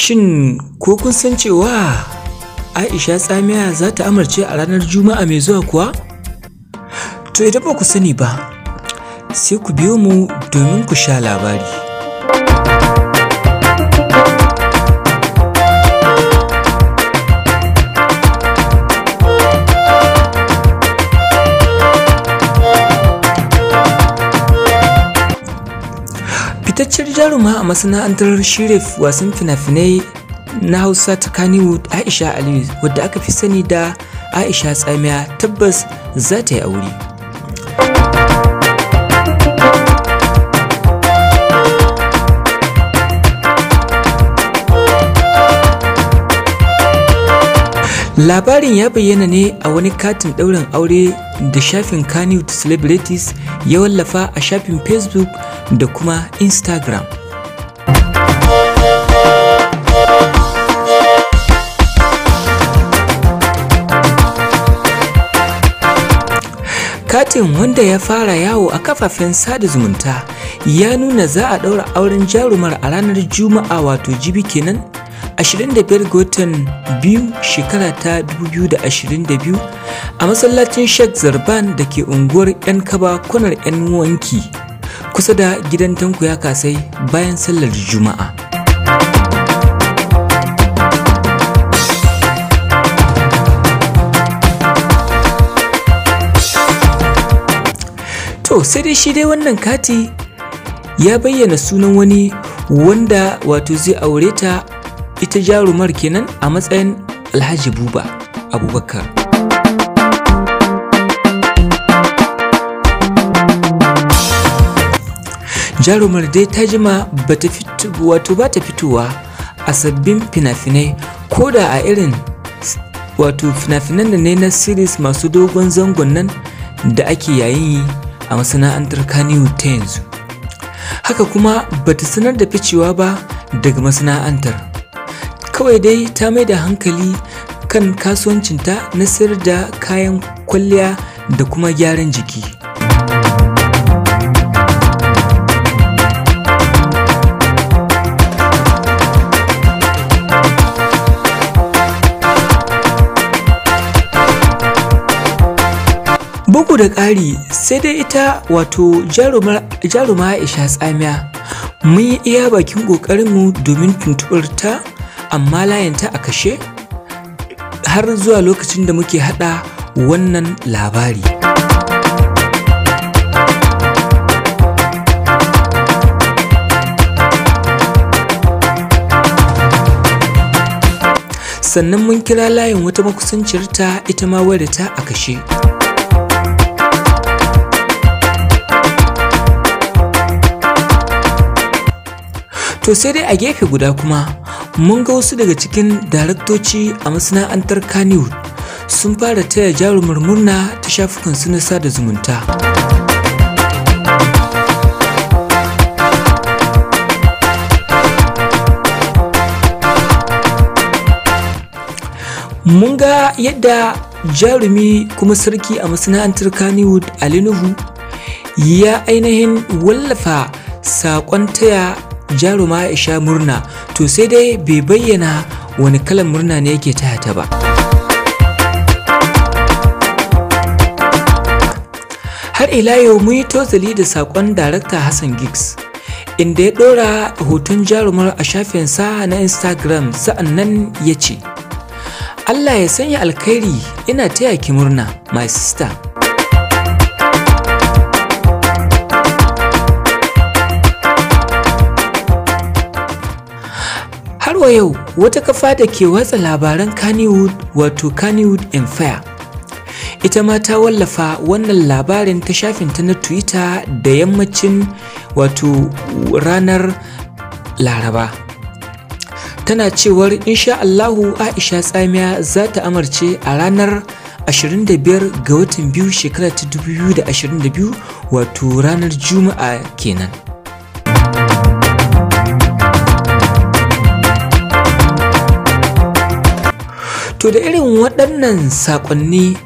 Shin ko kun san cewa Aisha Tsamiya za ta amarce a ranar Juma'a mai zuwa kuwa? To idan ba ku sani ba, sai ku biyo mu domin ku sha labari. fitaccen jaruma a masana'antar shirya wasan fina-finai na hausa ta kannywood aisha aliyu wadda aka fi sani da aisha tsamiya tabbas za ta yi aure labarin ya bayyana ne a wani katin ɗaurin aure da shafin to celebrities ya wallafa a shafin facebook da kuma instagram katin wanda ya fara yawo a kafafen sada zumunta ya nuna za a ɗaura auren jarumar a ranar juma'a wato jibi kenan 25 ga watan biyu shekara ta 2022 a masallacin Sheikh Zarban da ke unguwar 'yan kaba kwanar 'yan wanki kusa da gidan tanko ya kasai bayan sallar juma'a. To sai dai shi dai wannan kati ya bayyana sunan wani wanda wato zai aure ta ta jarumar kenan a matsayin alhaji buba abubakar jarumar dai ta jima wato ba ta fitowa a sabbin fina-finai ko da a irin wato fina-finan da ne na series masu dogon zangon nan da ake yayin yi a masana'antar kaniyu ta yanzu haka kuma bata sanar da ficewa ba daga masana'antar kawai dai ta mai da hankali kan kasuwancinta na sayar da kayan kwalliya da kuma gyaran jiki bugu da ƙari sai dai ita wato jaruma aisha tsamiya mun yi iya bakin ƙoƙarinmu domin tuntuɓar ta amma layanta a kashe har zuwa lokacin da muke haɗa wannan labari sannan mun kira layin wata makusanciyarta ita ma wadda ta a kashe to sai dai a gefe guda kuma mun ga wasu daga cikin daraktoci a masana'antar kannywood sun fara taya jarumar murna ta shafukan su na sada zumunta mun ga yadda jarumi kuma sarki a masana'antar kannywood Nuhu, ya ainihin wallafa saƙon taya jaruma ya sha murna to sai dai bai bayyana wani kalan murna ne yake taya ta ba har ila yau mun yi tozali da saƙon darakta hassan giggs inda ya ɗora hoton jarumar a shafinsa na instagram sa'annan ya ce allah ya sanya alkhairi ina taya ki murna my sister wa yau wata kafa da ke watsa labaran Kannywood wato Kannywood Empire. Ita ma ta wallafa wannan labarin ta shafinta na Twitter da yammacin wato ranar Laraba. Tana cewar insha Allahu Aisha Tsamiya za ta amarce a ranar 25 ga watan biyu shekarar 2022 wato ranar Juma'a kenan. to da irin waɗannan saƙonni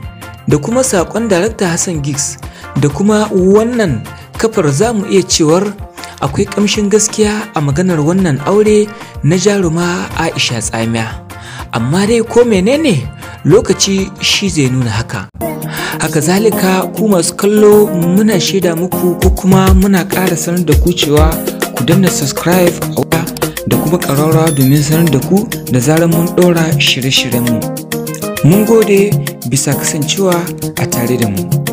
da kuma saƙon darakta hassan giggs da kuma wannan kafar za mu iya cewar akwai ƙamshin gaskiya a maganar wannan aure na jaruma aisha tsamiya amma dai ko menene lokaci shi zai nuna haka haka zalika ku masu kallo muna shaida muku ko kuma muna ƙara sanar da ku cewa ku danna subscribe duba ƙararrawa domin sanar da ku da zarar mun ɗora shirye-shiryenmu. Mun gode bisa kasancewa a tare da mu.